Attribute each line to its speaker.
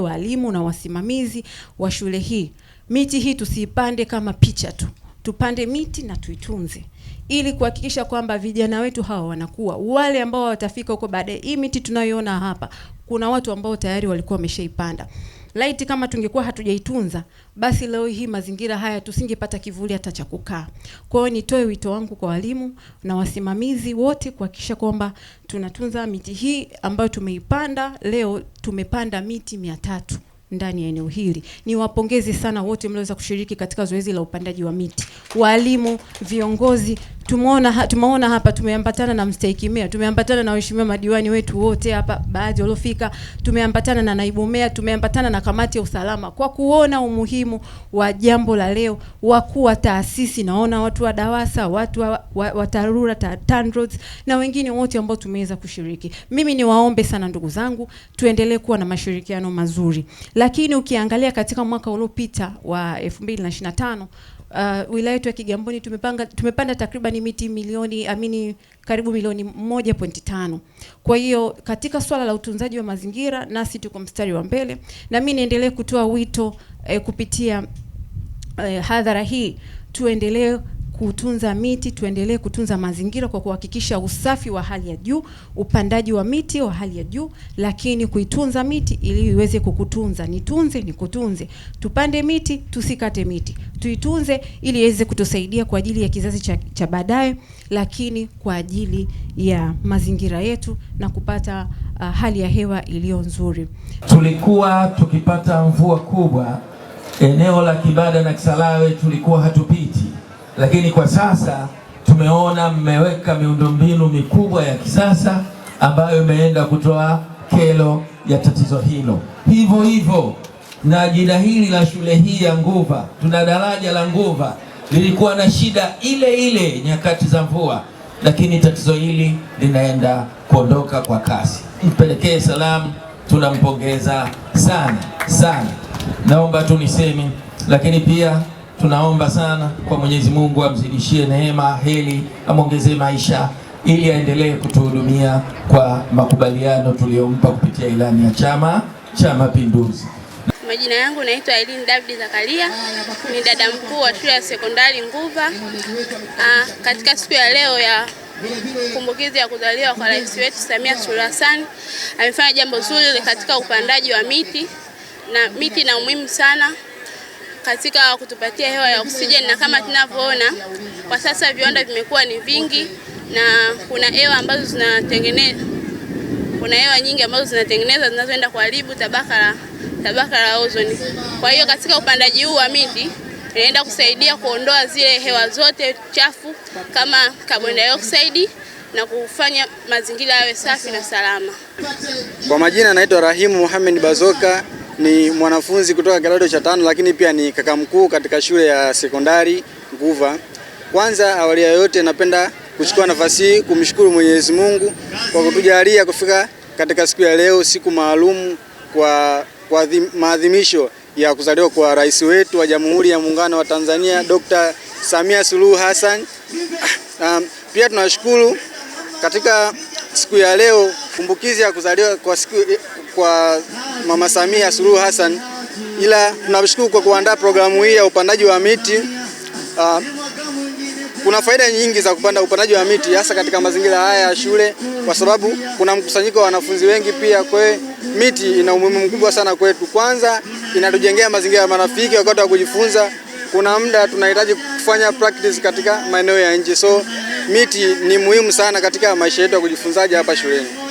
Speaker 1: Walimu na wasimamizi wa shule hii, miti hii tusiipande kama picha tu, tupande miti na tuitunze, ili kuhakikisha kwamba vijana wetu hawa wanakuwa wale ambao watafika huko baadaye. Hii miti tunayoona hapa, kuna watu ambao tayari walikuwa wameshaipanda. Laiti kama tungekuwa hatujaitunza basi leo hii mazingira haya tusingepata kivuli hata cha kukaa. Kwa hiyo nitoe wito wangu kwa walimu na wasimamizi wote kuhakikisha kwamba tunatunza miti hii ambayo tumeipanda. Leo tumepanda miti mia tatu ndani ya eneo hili. Niwapongeze sana wote mlioweza kushiriki katika zoezi la upandaji wa miti, walimu, viongozi tumeona tumeona hapa, tumeambatana na mstahiki meya, tumeambatana na waheshimiwa madiwani wetu wote hapa, baadhi waliofika, tumeambatana na naibu meya, tumeambatana na kamati ya usalama, kwa kuona umuhimu wa jambo la leo. Wakuu wa taasisi, naona watu wa DAWASA, watu wa, wa, wa TARURA, TANROADS na wengine wote ambao tumeweza kushiriki. Mimi niwaombe sana ndugu zangu, tuendelee kuwa na mashirikiano mazuri, lakini ukiangalia katika mwaka uliopita wa 2025 uh, wilaya yetu ya Kigamboni tumepanga tumepanda takribani miti milioni amini karibu milioni moja pointi tano. Kwa hiyo katika swala la utunzaji wa mazingira nasi tuko mstari wa mbele, na mimi niendelee kutoa wito eh, kupitia eh, hadhara hii tuendelee kutunza miti, tuendelee kutunza mazingira kwa kuhakikisha usafi wa hali ya juu, upandaji wa miti wa hali ya juu, lakini kuitunza miti ili iweze kukutunza. Nitunze nikutunze, tupande miti, tusikate miti, tuitunze ili iweze kutusaidia kwa ajili ya kizazi cha, cha baadaye, lakini kwa ajili ya mazingira yetu na kupata uh, hali ya hewa iliyo nzuri.
Speaker 2: Tulikuwa tukipata mvua kubwa eneo la Kibada na Kisarawe tulikuwa hatupiti lakini kwa sasa tumeona mmeweka miundombinu mikubwa ya kisasa ambayo imeenda kutoa kelo ya tatizo hilo. Hivyo hivyo na jina hili la shule hii ya Nguva, tuna daraja la Nguva lilikuwa na shida ile ile nyakati za mvua, lakini tatizo hili linaenda kuondoka kwa kasi. Mpelekee salamu, tunampongeza sana sana. Naomba tu niseme, lakini pia tunaomba sana kwa Mwenyezi Mungu amzidishie neema, heli amwongezee maisha ili aendelee kutuhudumia kwa makubaliano tuliyompa kupitia ilani ya Chama cha Mapinduzi.
Speaker 3: Majina yangu naitwa Elin David Zakaria, ni dada mkuu wa shule ya sekondari Nguva. Aa, ah, katika siku ya leo ya kumbukizi ya kuzaliwa kwa rais wetu Samia Suluhu Hassan, amefanya jambo zuri katika upandaji wa miti na miti na umuhimu sana katika kutupatia hewa ya oksijeni, na kama tunavyoona kwa sasa viwanda vimekuwa ni vingi na kuna hewa ambazo zinatengeneza kuna hewa nyingi ambazo zinatengeneza zinazoenda kuharibu tabaka la tabaka la ozoni. Kwa hiyo katika upandaji huu wa miti inaenda kusaidia kuondoa zile hewa zote chafu kama carbon dioxide na kufanya mazingira yawe safi na salama.
Speaker 4: Kwa majina naitwa Rahimu Muhammad Bazoka ni mwanafunzi kutoka kidato cha tano, lakini pia ni kaka mkuu katika shule ya sekondari Nguva. Kwanza awali ya yote, napenda kuchukua nafasi hii kumshukuru Mwenyezi Mungu kwa kutujalia kufika katika siku ya leo, siku maalum kwa, kwa maadhimisho ya kuzaliwa kwa rais wetu wa Jamhuri ya Muungano wa Tanzania Dr. Samia Suluhu Hassan. Um, pia tunashukuru katika siku ya leo kumbukizi ya kuzaliwa kwa siku kwa Mama Samia Suluhu Hassan, ila tunashukuru kwa kuandaa programu hii ya upandaji wa miti. Uh, kuna faida nyingi za kupanda upandaji wa miti hasa katika mazingira haya ya shule, kwa sababu kuna mkusanyiko wa wanafunzi wengi pia. Kwa miti ina umuhimu mkubwa sana kwetu. Kwanza inatujengea mazingira ya marafiki wakati wa kujifunza. Kuna muda tunahitaji kufanya practice katika maeneo ya nje, so miti ni muhimu sana katika maisha yetu ya kujifunzaji hapa shuleni.